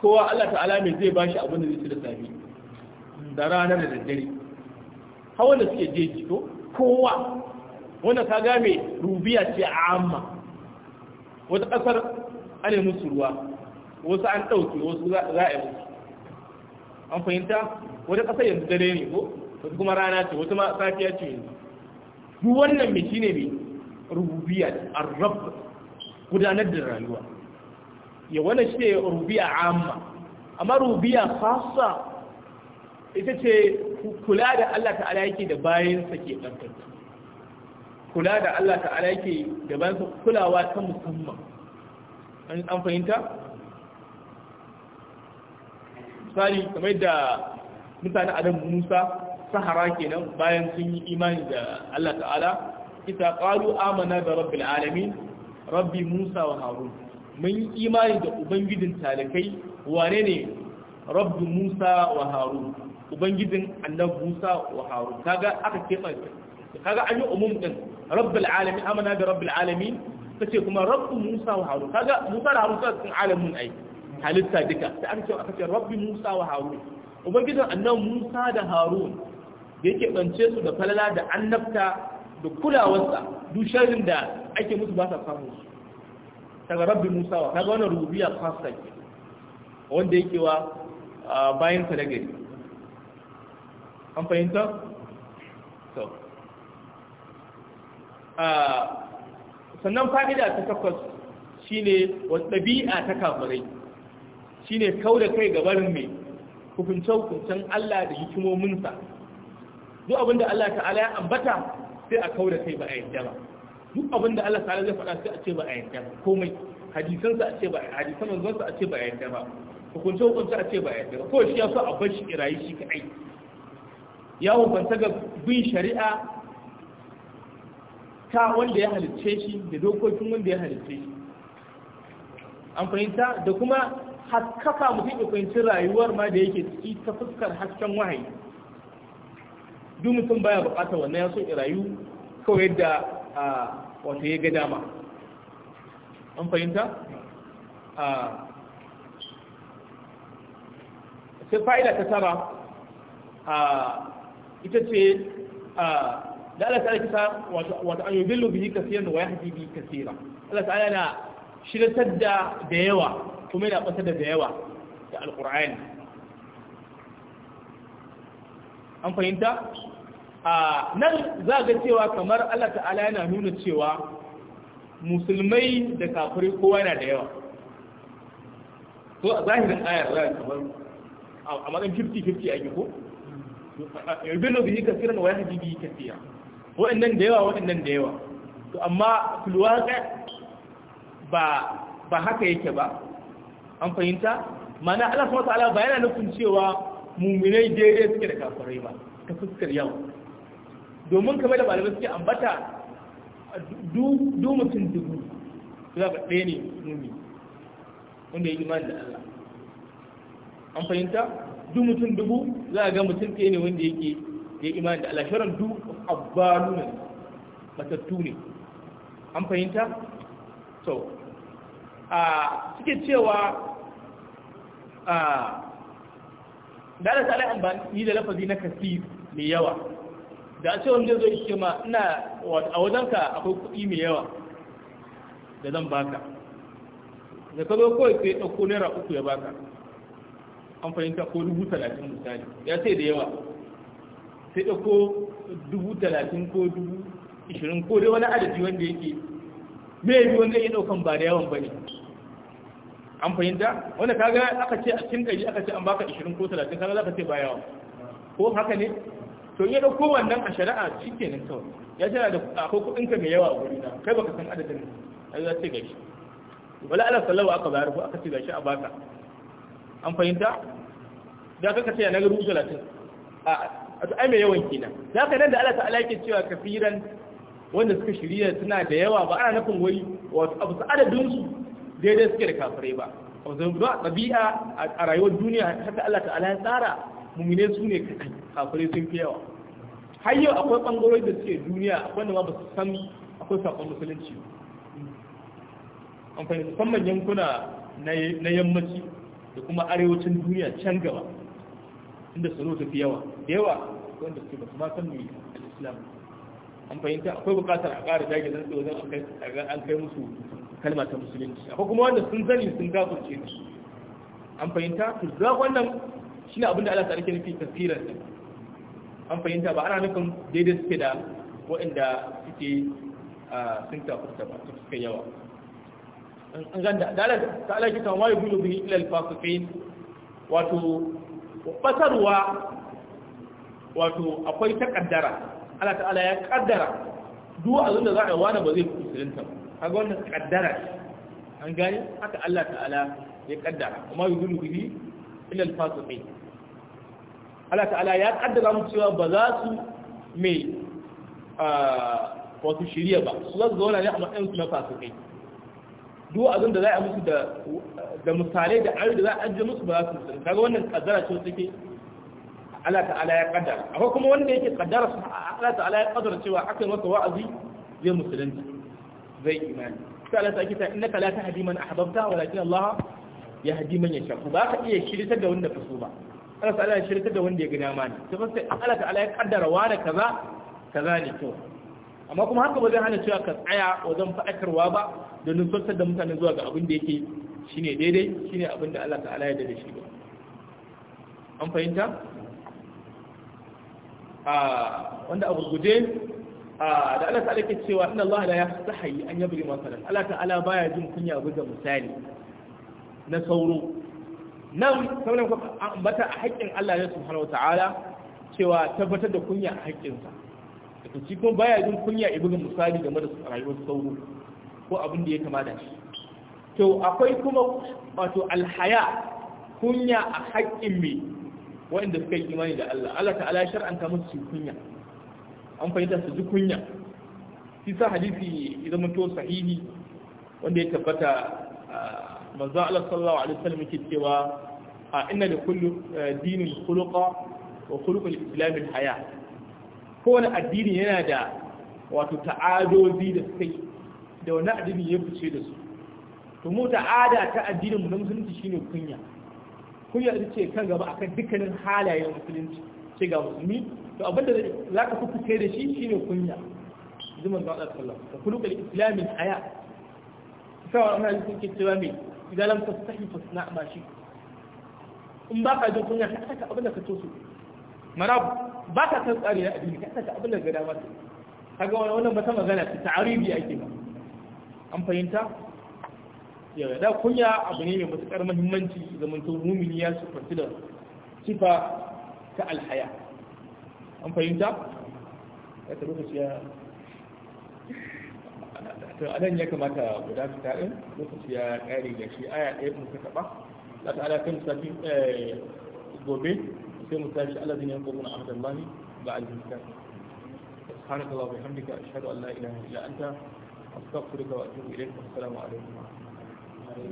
kowa Allah ta'ala mai zai shi abin da zai da safi da rana da daddare hawa da suke je ko kowa wanda ka game rubiya ce amma wata ƙasar an yi musu ruwa wasu an ɗauke wasu za a yi musu an fahimta wata ƙasa yanzu dare ne ko wata kuma rana ce wata ma safiya ce yanzu duk wannan mai shine mai rububiya arab gudanar da rayuwa ya wannan shi ne rububiya amma amma rububiya fasa ita ce kula da Allah ta'ala yake da bayansa ke ɗantar kula da Allah ta'ala yake da bayansa kulawa ta musamman an fahimta misali kamar da mutane adam musa sahara kenan bayan sun yi imani da Allah ta'ala ita qalu amana da rabbil alamin rabbi musa wa harun mun yi imani da ubangijin talakai wane ne rabbi musa wa harun ubangijin allah musa wa harun kaga aka kema kaga an yi umum din rabbil alamin amana da rabbil alamin kace kuma rabbi musa wa harun kaga musa da harun sun alamin aiki halitta duka sai an ce aka ce rabbi musa wa harun ubangijin annan musa da harun da yake bance su da falala da annabta da kulawarsa dusharin da ake musu ba sa samu daga rabbi musa wa kaga wannan rubiya khassa wanda yake wa bayan sa da gari an fahimta to sannan fa'ida ta takwas shine wata ɗabi'a ta kafirai ne kau da kai gabarin mai hukunce-hukuncen Allah da hikimominsa duk abin da Allah ta'ala ya ambata sai a kau da kai ba a yadda ba duk abin da Allah ta'ala zai faɗa sai a ce ba a yadda ba komai hadisansa a ce ba a hadisan manzonsa a ce ba a yadda ba hukunce hukunce a ce ba a yadda ba kawai shi ya so a bar shi irayi shi kaɗai ya hukunta ga bin shari'a ta wanda ya halicce shi da dokokin wanda ya halicce shi an fahimta da kuma haskaka mutum ya fahimci rayuwar ma da yake ciki ta fuskar hasken wahayi duk mutum baya bukatar wannan ya so ya rayu kawai yadda wata ya ga dama an fahimta sai fa'ida ta tara ita ce da Allah ta'ala kisa wata an yi billu bihi kasiran wa yahdi bihi kasira Allah ta'ala na shirtar da da yawa kuma yana ɓata da yawa da alƙur'ani an fahimta a nan za ga cewa kamar Allah ta'ala yana nuna cewa musulmai da kafirai kowa yana da yawa to a zahirin ayar za kamar a matsayin 50-50 a ko yarbinu bihi kasiran wa yahdi bihi kasiran Waɗannan da yawa waɗannan da yawa to amma filwaqa ba ba haka yake ba an fahimta mana Allah subhanahu wataala ba yana nufin cewa muminai daidai suke da kafirai ba ta fuskar yau domin kamar da malamai suke ambata du mutum dubu za ka ɗaya ne mumi wanda ya imani da Allah an fahimta du mutum dubu za ga mutum ɗaya ne wanda yake ya imani da Allah shirin du abbalu ne matattu ne an fahimta so a suke cewa da da bani amfani da lafazi na kasi mai yawa da a wanda zai zo ishe ma ina a wajenka akwai kuɗi mai yawa da zan baka da ka zo kawai sai ɗauko naira uku ya baka an fahimta ko dubu talatin misali ya sai da yawa sai ɗauko dubu talatin ko dubu ishirin ko dai wani adadi wanda yake mai yi wanda ya ɗaukan ba da yawan ba ne an fahimta wanda kaga aka ce a cikin ɗari aka ce an baka 20 ko 30 kaga za ka ce bayawa ko haka ne to ya dauko wannan a shari'a cikin to ya tana da akwai kudin ka mai yawa a gurina kai baka san adadin ai za ce gashi wala ala sallahu aka bayar ko aka ce gashi a baka an fahimta da kaka ce na garu 30 a to ai mai yawan kenan da ka nan da Allah ta'ala yake cewa kafiran wanda suka shirya suna da yawa ba ana nufin wai wato abu su adadin su daidai suke da kafirai ba wanzu a ɗabi'a a rayuwar duniya haka Allah ta'ala ya tsara mummune su ne kafare kafirai sun fi yawa har yau akwai ɓangarori da suke duniya akwai da ma ba su san akwai saƙon musulunci an fahimta musamman yankuna na yammaci da kuma arewacin duniya can gaba inda salo ta fi yawa da yawa wanda suke ba su ma san mai islam an fahimta akwai buƙatar a ƙara dage zan wajen an kai musu kalma ta musulunci akwai kuma wanda sun zani sun gafurce da su an fahimta to za wannan shi ne abinda Allah ta nufi nufi tafsirar an fahimta ba ana nufin daidai suke da waɗanda suke sun tafurta ba su suka yawa an ganda da ala ta alaƙi kan wayo bulu bihi ilal al wato fasarwa wato akwai ta kaddara Allah ta'ala ya kaddara duk abin da za a yi wani ba zai kusurinta ba kaga wannan kaddara an gane haka Allah ta'ala ya kaddara kuma yi gudu bihi illa al-fasiqin Allah ta'ala ya kaddara mu cewa ba za su mai wasu shirya ba su za su zauna ne a matsayin su na fasikai duk abin da za a musu da misalai da ayoyi da za a ajiye musu ba za su Ka kaga wannan kaddara ce suke Allah ta'ala ya kaddara akwai kuma wanda yake kaddara su Allah ta'ala ya kaddara cewa aka yi masa wa'azi zai musulunta zai imani sai Allah sai kita innaka la tahdi man ahbabta walakin Allah yahdi man yasha ba ka iya shiritar da wanda kaso ba Allah sai Allah shiritar da wanda ya gina mani. ne to sai Allah ta'ala ya kaddara wa da kaza kaza ne to amma kuma haka ba zai hana cewa ka tsaya wajen fa'akarwa ba da nufartar da mutane zuwa ga abin da yake shine daidai shine abin da Allah ta'ala ya da shi ba an fahimta a ah, wanda a gurguje Ah, da Allah ta'ala ke cewa inna Allah la yastahi an yabri masalan Allah ta'ala baya jin kunya buga misali na sauro nan sauran ku ambata a haƙƙin Allah ne subhanahu ta'ala cewa tabbatar da kunya a sa. da ci kuma baya jin kunya ya buga misali game da rayuwar sauro ko abin da ya kamata. shi to akwai kuma wato alhaya kunya a haƙƙin me wanda suka yi imani da Allah Allah ta'ala ya shar'anta musu kunya an fahimta su ji kunya shi sa hadisi ya zama to sahihi wanda ya tabbata manzo Allah sallallahu alaihi wasallam yake cewa a inna li kulli dinin khuluqa wa khuluqul islam al haya kowane addini yana da wato ta'adozi da sai, da wani addini ya fice da su to mu ta'ada ta addinin mu na musulunci shine kunya kunya ita ce kan gaba akan dukkanin halayen musulunci ce ga musulmi to abinda da za ka fice da shi shi ne kunya zuman da Allah Ka alaihi wasallam kullu islamin haya sai wannan hadisi ke cewa me idan lam tastahi fasna ma shi in ba ka jin kunya ka saka abin da ka so su mana ba ka san tsari na addini ka saka abin da ga dama su kaga wannan wannan bata magana ta ta'aribi ake ba an fahimta yawa da kunya abu ne mai matukar muhimmanci zamanto mumini ya sufanci da sifa ta alhaya an fahimta ya ta lokaci ya to anan ya kamata guda fita din lokaci ya kare da shi aya ɗaya mun ka taɓa za ta ala kan musafi eh, gobe sai mu tashi Allah zai yanko mun ba alhinta سبحانك اللهم وبحمدك أشهد أن لا إله إلا أنت أستغفرك وأتوب إليك والسلام عليكم ورحمة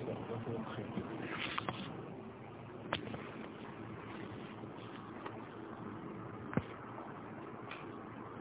الله وبركاته